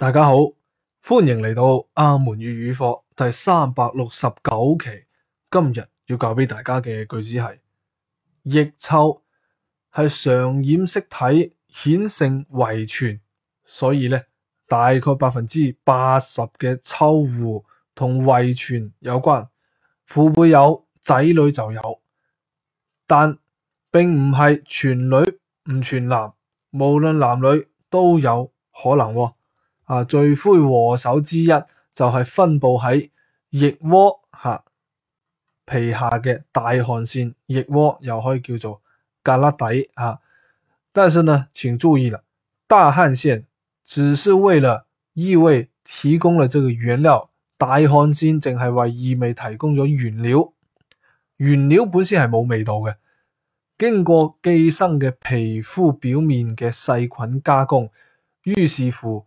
大家好，歡迎嚟到阿門粵語課第三百六十九期。今日要教俾大家嘅句子係：腋臭係常染色體顯性遺傳，所以呢，大概百分之八十嘅臭狐同遺傳有關，父輩有，仔女就有，但並唔係傳女唔傳男，無論男女都有可能哦。啊，罪魁禍首之一就係分佈喺腋窩吓皮下嘅大汗腺，腋窩又可以叫做胳肋底啊。但是呢，請注意啦，大汗腺只是為了異味提供啦，即個原料。大汗腺淨係為異味提供咗原料，原料本身係冇味道嘅，經過寄生嘅皮膚表面嘅細菌加工，於是乎。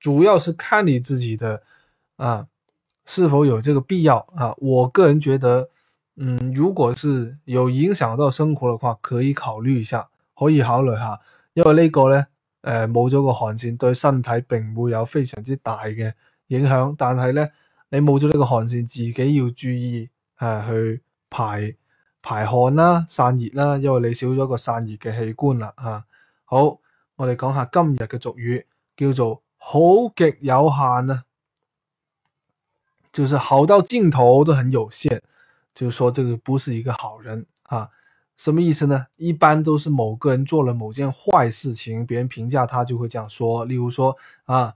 主要是看你自己的，啊，是否有這個必要啊？我個人覺得，嗯，如果是有影響到生活嘅話，可以考慮一下，可以考慮下，因為這個呢、呃、個咧，誒，冇咗個汗腺對身體並冇有非常之大嘅影響，但係咧，你冇咗呢個汗腺，自己要注意，誒、啊，去排排汗啦、散熱啦，因為你少咗個散熱嘅器官啦。啊，好，我哋講下今日嘅俗語，叫做。好極有限啊，就是好到盡頭都很有限，就說這個不是一個好人啊？什麼意思呢？一般都是某個人做了某件壞事情，別人評價他就會這樣說。例如說啊，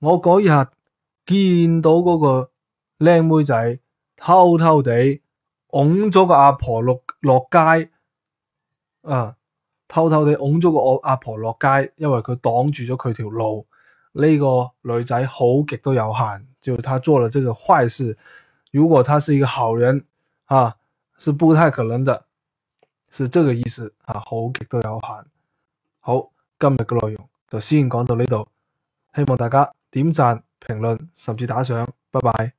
我嗰日見到嗰個靚妹仔偷偷地拱咗個阿婆落落街，啊，偷偷地拱咗個阿婆落街，因為佢擋住咗佢條路。呢個女仔好極都有限，就她做了這個壞事，如果她是一個好人，啊，是不太可能的，是這個意思啊，好極都有限。好，今日嘅內容就先講到呢度，希望大家點贊、評論，甚至打賞。拜拜。